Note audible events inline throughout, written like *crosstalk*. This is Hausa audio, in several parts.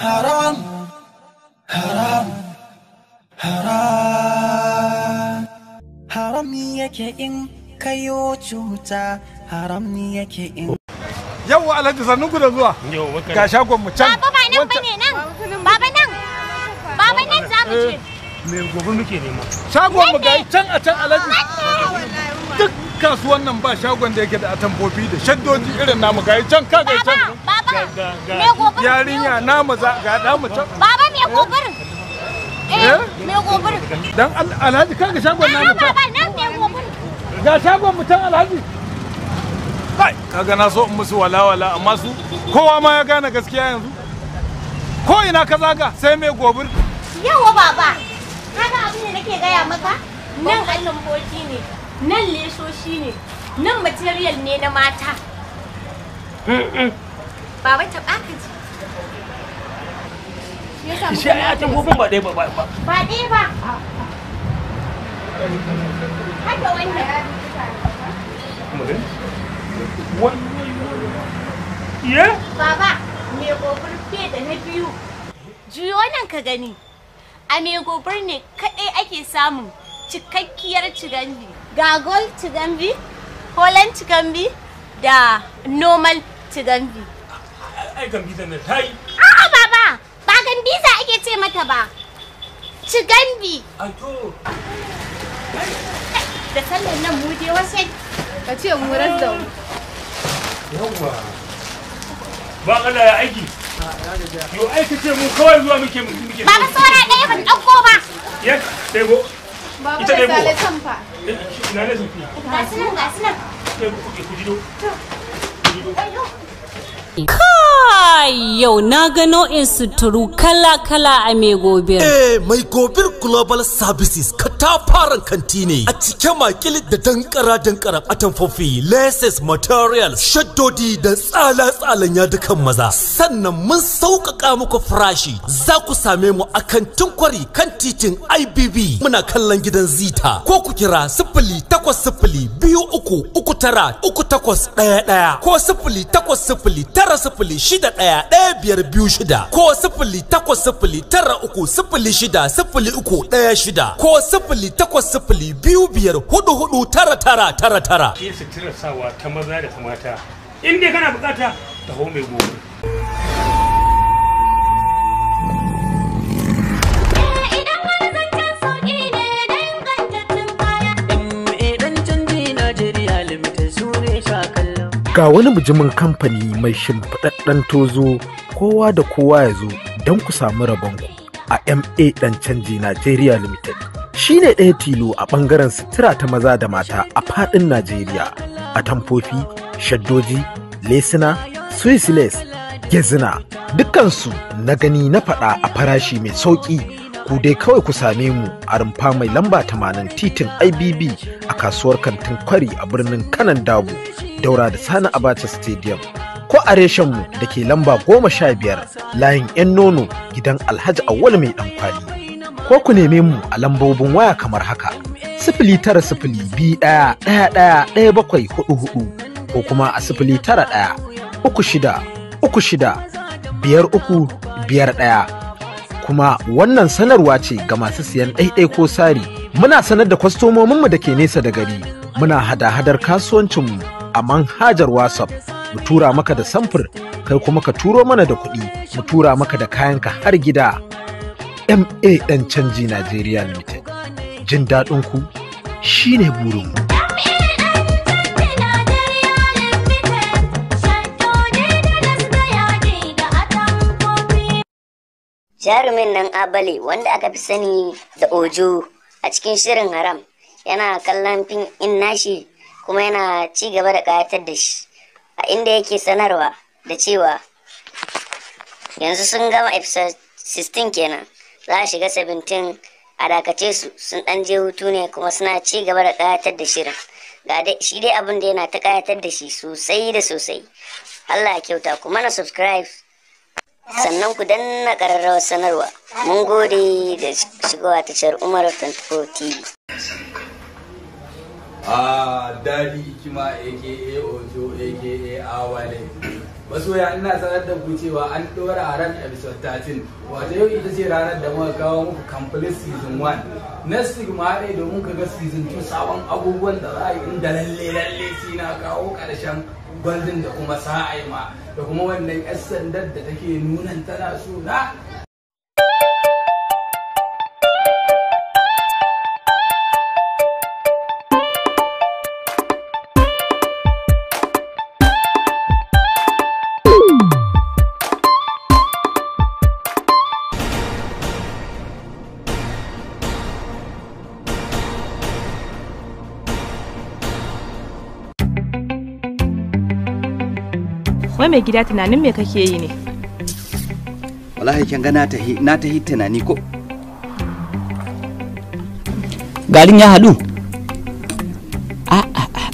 haram haram haram haram yake in kayo cuta haram ni yake in yawwa alhaji sannun ku da zuwa ga shagon mu can baba nan bane nan baba nan baba nan za mu je eh, me gobe muke nema shagon mu ga can a can alhaji duk kasuwan nan ba shagon da yake da atamfofi da shaddoji irin namu ga can ka ga can me gobir yarinya na maza ga da mutum baba me eh? gobir eh, eh me gobir dan alhaji kan ga shagon na mutum baba nan me gobir ga shagon mutum alhaji kai kaga na so in musu walawala amma su kowa ma ya gane gaskiya yanzu ko ina ka zaga sai me gobir yawa baba kaga abin da nake gaya maka nan allon boki ne nan lesoshi ne nan material ne na mata Baba wai taɓa ka ji shi ya ta gobin ba ɗaya ba ba ba ba ɗaya ba haka wannan wai wai ye baba me gobir fiye da na biyu juyo nan ka gani a me gobir ne kaɗai ake samun cikakkiyar cigambi Gagol gold cigambi holland cigambi da normal cigambi ai gambiza ne ta yi a'a baba ba gambiza ake ce mata ba ci gambi a to da sallan nan mu je wasai. ka ce mu razza yawwa ba Allah ya aiki yo aiki ce mu kawai zuwa muke muke baba saura ɗaya ban ɗauko ba ya sai go. Baba ita ɗebo eh, ina ne zafi ga sunan ga sunan ɗebo eh, kuke ku jido ku jido kai yau na gano in suturu kala-kala a mai gobir. Eh, mai gobir global services Ta fara kanti ne a cikin makil da dankara dankara atamfofi laces materials shaddodi da tsala tsalan ya yadukan maza sannan mun sauƙaƙa muku farashi za ku same mu a kantin kwari kan titin ibb muna kallon gidan zita ko ku kira sifili takwas sifili biyu uku uku tara uku takwas ɗaya ɗaya ko sifili takwas sifili tara sifili shida ɗaya ɗaya biyar biyu shida ko sifili takwas sifili tara uku sifili shida sifili uku ɗaya shida ko sifili sifili takwas sifili biyu biyar hudu hudu tara tara tara tara. Shi sutura sawa ta maza da ta mata. In dai kana bukata ta hau mai gobe. Mm, Ga wani bijimin kamfani mai shimfiɗaɗɗen tozo kowa da kowa ya zo don ku samu rabonku a MA ɗan canji Nigeria Limited. shi ne ɗaya tilo a ɓangaren sutura ta maza da mata a faɗin Najeriya a tamfofi, shaddoji, lesina, swiss gezina dukkansu na gani na faɗa a farashi mai sauƙi ku dai kawai ku same mu a rumfa mai lamba tamanin titin ibb a kasuwar kantin kwari a birnin kanan dabu daura da sani abacha stadium ko a mu da ke lamba goma sha biyar layin 'yan nono gidan alhaji awwal mai ɗankwali. ko ku neme mu a lambobin waya kamar haka sifili tara sifili biyu ɗaya ɗaya ɗaya ɗaya bakwai hudu hudu ko kuma a sifili tara ɗaya uku shida uku shida biyar uku biyar ɗaya kuma wannan sanarwa ce ga masu siyan ɗaiɗai ko sari muna sanar da kwastomominmu da ke nesa da gari muna hada-hadar kasuwancinmu a manhajar whatsapp mu tura maka da samfur kai kuma ka turo mana da kuɗi mu tura maka da kayanka har gida ma ɗan canji Najeriya Limited. Jin daɗin ku shine burinmu. Jarumin nan Abale wanda aka fi sani da Ojo a cikin shirin haram yana kallon fin in nashi kuma yana ci gaba da ƙayatar da shi a inda yake sanarwa da cewa yanzu sun gama episode 16 kenan za a shiga 17 a dakace su sun dan je hutu ne kuma suna ci gaba da kayatar da shirin ga shi dai abin da yana ta kayatar da shi sosai da sosai Allah ya kyauta kuma na subscribe sannan ku danna ƙararrawar sanarwa mun gode da shigowa tashar umar 24 tv ah, a dadi kima aka ojo aka awale masoya ina sanar da ku cewa an ɗora a ran episode 13 wato yau ita ce ranar da muka kawo muku complete season 1 next week ma haɗe domin ka ga season 2 sabon abubuwan da za a yi inda lalle lalle shi na kawo karshen gwandun da kuma sa'ai ma da kuma wannan 'yan sandar da take nunan tana so na wai mai gida tunanin me kake yi ne wallahi kin ga na tahi na tahi tunani ko garin ya hadu a a a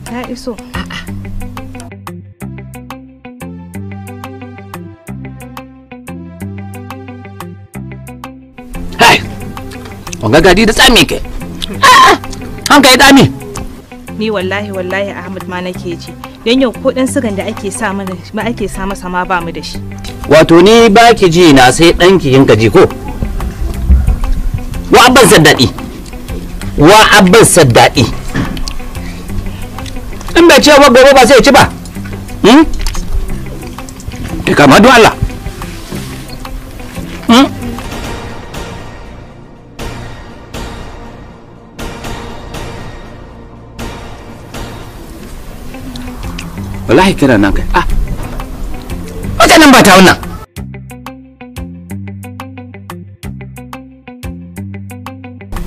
a na iso Wanga gadi da tsami kai. A'a, hankali tsami. ni wallahi wallahi Ahmad ma nake ji don yau ko dan sigan da ake sa mana ma ake sa masa ma ba mu da shi wato ni ba ki ji na sai dan ki yinka ji ko wa abban saddadi wa abban saddadi in bai ce wa gobe ba sai ya ci ba hmm? Kama don Allah wallahi kira nan kai ah wata nan ba ta wannan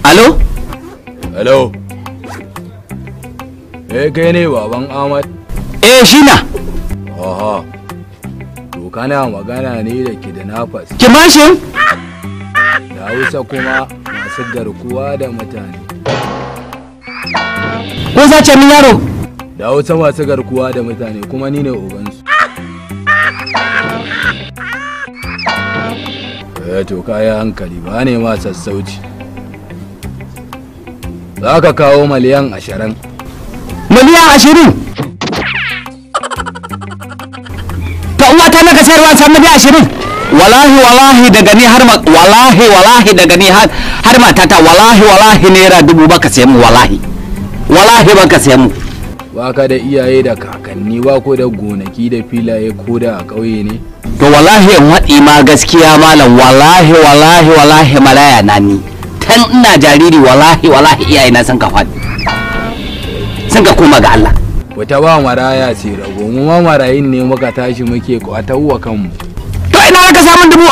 alo alo eh kai ne baban ahmad eh shi na aha to kana magana ne da ki da nafas ki mashin da hausa kuma masu garkuwa da mutane ko zace min yaro da wata masu garkuwa da mutane kuma ni ne ubansu eh to kaya hankali ba ne ma sassauci za ka kawo miliyan ashirin miliyan ashirin ta uwa ta naka sayarwa san miliyan ashirin wallahi wallahi daga ni har wallahi wallahi daga ni har matata wallahi wallahi naira dubu baka sayi mu wallahi wallahi baka sayi mu ba ka da iyaye da kakanni ba ko da gonaki da filaye ko da a ƙauye ne to wallahi in waɗi ma gaskiya malam wallahi wallahi wallahi malaya na ni tan ina jariri wallahi wallahi iyaye na sun ka faɗi sun ka koma ga Allah wata ba maraya ce rago mu ma marayin ne muka tashi muke kwatawa kanmu to ina naka samun dubu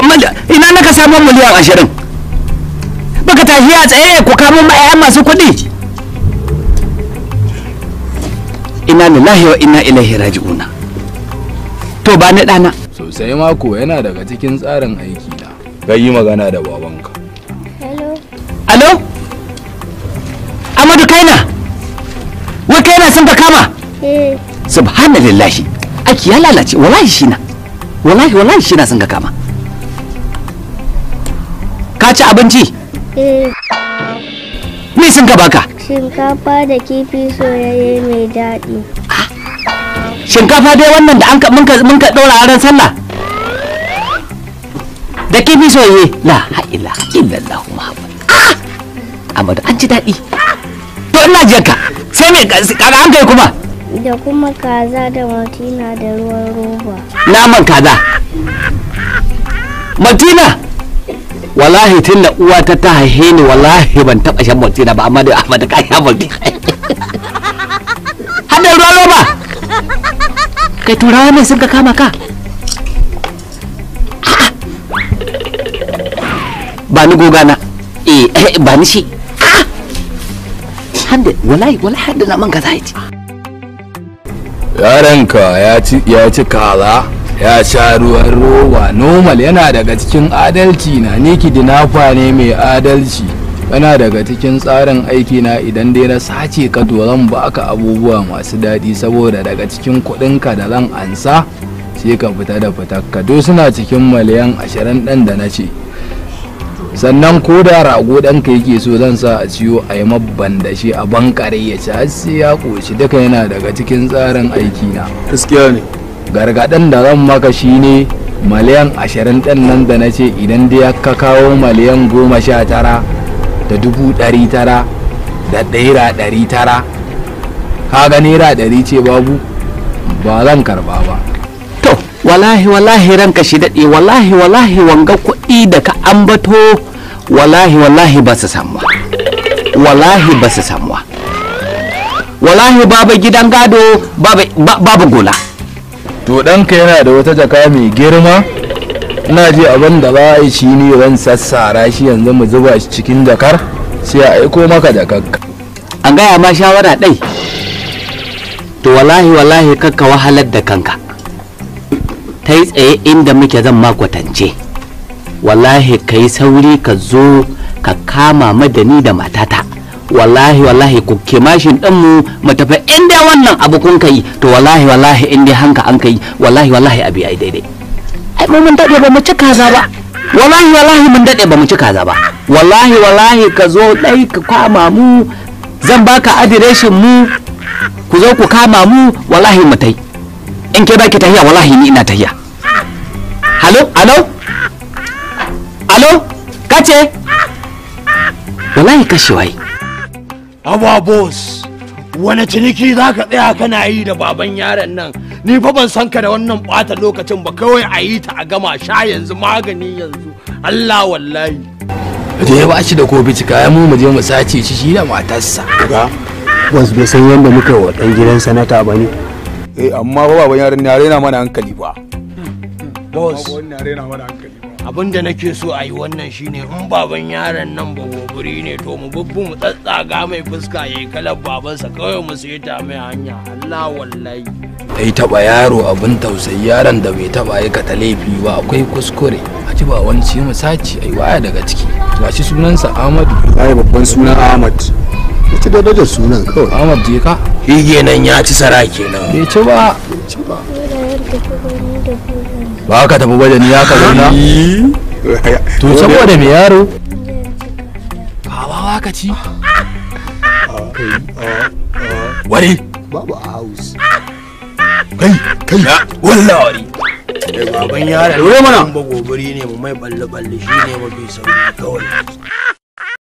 ina naka samun miliyan ashirin baka tashi a tsaye ku kamo ma'ayan masu kuɗi ina lillahi wa ina ilaihi raji'una to ba ni ɗana sosai mako yana daga cikin tsarin aiki na kai yi magana da babanka hello alo amadu kaina wai kaina sun ka kama eh subhanallahi aki ya lalace wallahi shi na wallahi wallahi shi na sun ka kama ka ci abinci eh me sun ka baka Shinkafa da kifi soyayye mai daɗi. Shinkafa dai wannan da ka mun ka ɗora a ran sallah. Da kifi soyayye la ha'ila illallah Amma ah! Amadu an ji daɗi. To ina jin ka sai me ƙara an kai kuma. Da kuma kaza da martina da ruwan roba. Naman kaza. Martina wallahi tun da uwa ta ta haihe ni wallahi ban taɓa shan malti na ba amma da amma da kaya malti *laughs* hadda ruwa roba kai turawa ne sun ka kama ka *laughs* ba ni goga na eh, eh ba ni shi hadda wallahi wallahi hadda na man ka zai ci yaranka ya ci ya ci kaza ya sha ruwan roba normal yana daga cikin adalci na ni kidinafa ne mai adalci yana daga cikin tsarin aiki na idan dai na sace ka doron ba baka abubuwa masu daɗi saboda daga cikin ka da zan ansa sai ka fita da ka duk suna cikin miliyan ashirin dan da na ce sannan ko da rago ka yake so zan sa a ciwo a yi mabban da shi a bankare ya ci har sai ya koshi duka yana daga cikin tsarin aiki na gaskiya ne gargaɗin da zan maka shi ne miliyan ashirin ɗin nan da na ce idan dai ka kawo miliyan goma sha tara da dubu ɗari tara da ɗaira ɗari tara ka ga naira ɗari ce babu ba zan karba ba to wallahi wallahi ranka shi daɗe wallahi wallahi wanga kuɗi da ka ambato wallahi wallahi ba su samuwa wallahi ba su samuwa wallahi babu gidan gado babu gola to ɗanka yana da wata jaka mai girma ina ji abin da ba a yi shi ne zan sassara shi yanzu mu zuba shi cikin jakar sai a aiko maka jakakka an gaya ma shawara ɗai to wallahi wallahi kakka wahalar da kanka ta yi tsaye inda muke zan makwatance wallahi ka yi sauri ka zo ka kama madani da matata wallahi wallahi ku kimashin din mu mu tafi inda wannan abu kun kai to wallahi wallahi inda hanka an kai wallahi wallahi abi ai daidai ai mu mun dade ba mu ci kaza ba wallahi wallahi mun dade ba mu ci kaza ba wallahi wallahi ka zo dai ka kama mu zan baka adireshin mu ku zo ku kama mu wallahi mu tai in ke baki tahiya wallahi ni ina tahiya halo alo alo kace wallahi kashe wai Aba boss, wani ciniki za ka tsaya kana yi da baban yaron nan, ni fa ban san ka da wannan ɓata lokacin ba kawai a yi ta a gama sha yanzu magani yanzu, Allah wallahi. Da ya ba shi da kofi cika ya mu je mu sace shi shi da matarsa. Ga, wasu bai san yadda muka wa dan gidan sanata ba ne. Eh amma baban yaron na rena mana hankali ba. Boss. na rena mana hankali. abin da nake so a yi wannan shine in baban yaron nan ba wuri ne to mu bubbu mu tsatsaga mai fuska yayi kalar babansa kawai mu sai ta mai hanya Allah wallahi dai taba yaro abin tausayi yaron da bai taba yi ka laifi ba akwai kuskure a ci ba wanci mu saci ai waya daga ciki gashi sunansa Ahmadu ai babban sunan Ahmad ita da daga sunan kawai Ahmad je ka shi kenan ya ci sara kenan bai ci ba abinci ba ba ka tafi gwada ni ya ka zauna to saboda me yaro kawawa ka ci wari babu a house kai kai eh, baban ne mana ba gobiri ne mu mai balle balle mafi sauri kawai